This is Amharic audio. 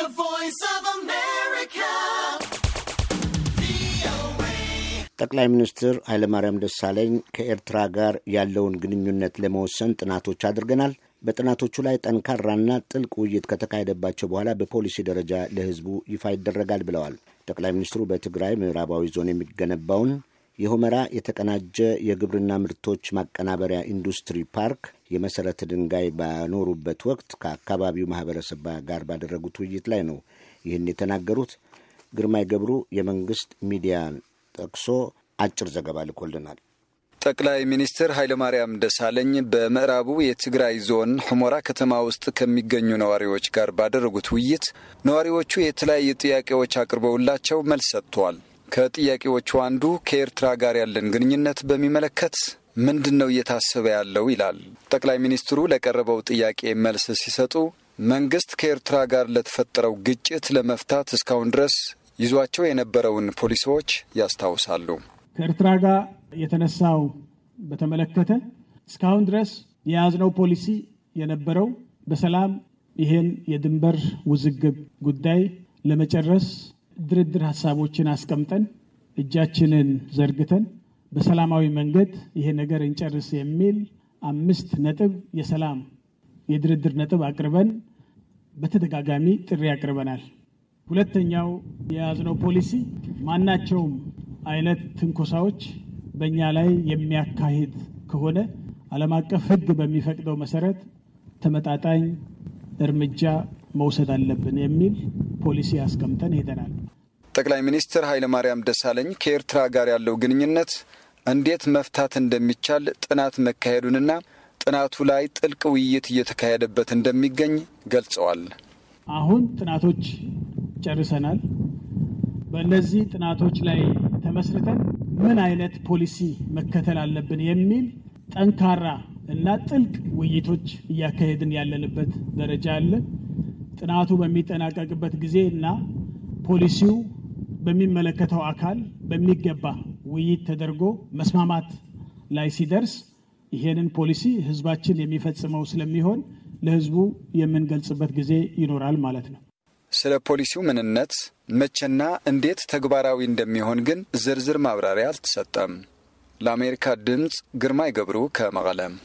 The Voice of America. ጠቅላይ ሚኒስትር ኃይለማርያም ደሳለኝ ከኤርትራ ጋር ያለውን ግንኙነት ለመወሰን ጥናቶች አድርገናል። በጥናቶቹ ላይ ጠንካራና ጥልቅ ውይይት ከተካሄደባቸው በኋላ በፖሊሲ ደረጃ ለሕዝቡ ይፋ ይደረጋል ብለዋል። ጠቅላይ ሚኒስትሩ በትግራይ ምዕራባዊ ዞን የሚገነባውን የሆመራ የተቀናጀ የግብርና ምርቶች ማቀናበሪያ ኢንዱስትሪ ፓርክ የመሰረተ ድንጋይ ባኖሩበት ወቅት ከአካባቢው ማህበረሰብ ጋር ባደረጉት ውይይት ላይ ነው ይህን የተናገሩት። ግርማይ ገብሩ የመንግስት ሚዲያን ጠቅሶ አጭር ዘገባ ልኮልናል። ጠቅላይ ሚኒስትር ኃይለማርያም ደሳለኝ በምዕራቡ የትግራይ ዞን ሑመራ ከተማ ውስጥ ከሚገኙ ነዋሪዎች ጋር ባደረጉት ውይይት ነዋሪዎቹ የተለያዩ ጥያቄዎች አቅርበውላቸው መልስ ሰጥተዋል። ከጥያቄዎቹ አንዱ ከኤርትራ ጋር ያለን ግንኙነት በሚመለከት ምንድን ነው እየታሰበ ያለው ይላል። ጠቅላይ ሚኒስትሩ ለቀረበው ጥያቄ መልስ ሲሰጡ መንግስት ከኤርትራ ጋር ለተፈጠረው ግጭት ለመፍታት እስካሁን ድረስ ይዟቸው የነበረውን ፖሊሲዎች ያስታውሳሉ። ከኤርትራ ጋር የተነሳው በተመለከተ እስካሁን ድረስ የያዝነው ፖሊሲ የነበረው በሰላም ይሄን የድንበር ውዝግብ ጉዳይ ለመጨረስ ድርድር ሀሳቦችን አስቀምጠን እጃችንን ዘርግተን በሰላማዊ መንገድ ይሄ ነገር እንጨርስ የሚል አምስት ነጥብ የሰላም የድርድር ነጥብ አቅርበን በተደጋጋሚ ጥሪ አቅርበናል። ሁለተኛው የያዝነው ፖሊሲ ማናቸውም አይነት ትንኮሳዎች በእኛ ላይ የሚያካሂድ ከሆነ ዓለም አቀፍ ሕግ በሚፈቅደው መሰረት ተመጣጣኝ እርምጃ መውሰድ አለብን የሚል ፖሊሲ አስቀምጠን ሄደናል። ጠቅላይ ሚኒስትር ኃይለማርያም ደሳለኝ ከኤርትራ ጋር ያለው ግንኙነት እንዴት መፍታት እንደሚቻል ጥናት መካሄዱንና ጥናቱ ላይ ጥልቅ ውይይት እየተካሄደበት እንደሚገኝ ገልጸዋል። አሁን ጥናቶች ጨርሰናል። በእነዚህ ጥናቶች ላይ ተመስርተን ምን አይነት ፖሊሲ መከተል አለብን የሚል ጠንካራ እና ጥልቅ ውይይቶች እያካሄድን ያለንበት ደረጃ አለ። ጥናቱ በሚጠናቀቅበት ጊዜ እና ፖሊሲው በሚመለከተው አካል በሚገባ ውይይት ተደርጎ መስማማት ላይ ሲደርስ ይሄንን ፖሊሲ ህዝባችን የሚፈጽመው ስለሚሆን ለህዝቡ የምንገልጽበት ጊዜ ይኖራል ማለት ነው። ስለ ፖሊሲው ምንነት መቼና እንዴት ተግባራዊ እንደሚሆን ግን ዝርዝር ማብራሪያ አልተሰጠም። ለአሜሪካ ድምፅ ግርማይ ገብሩ ከመቀለም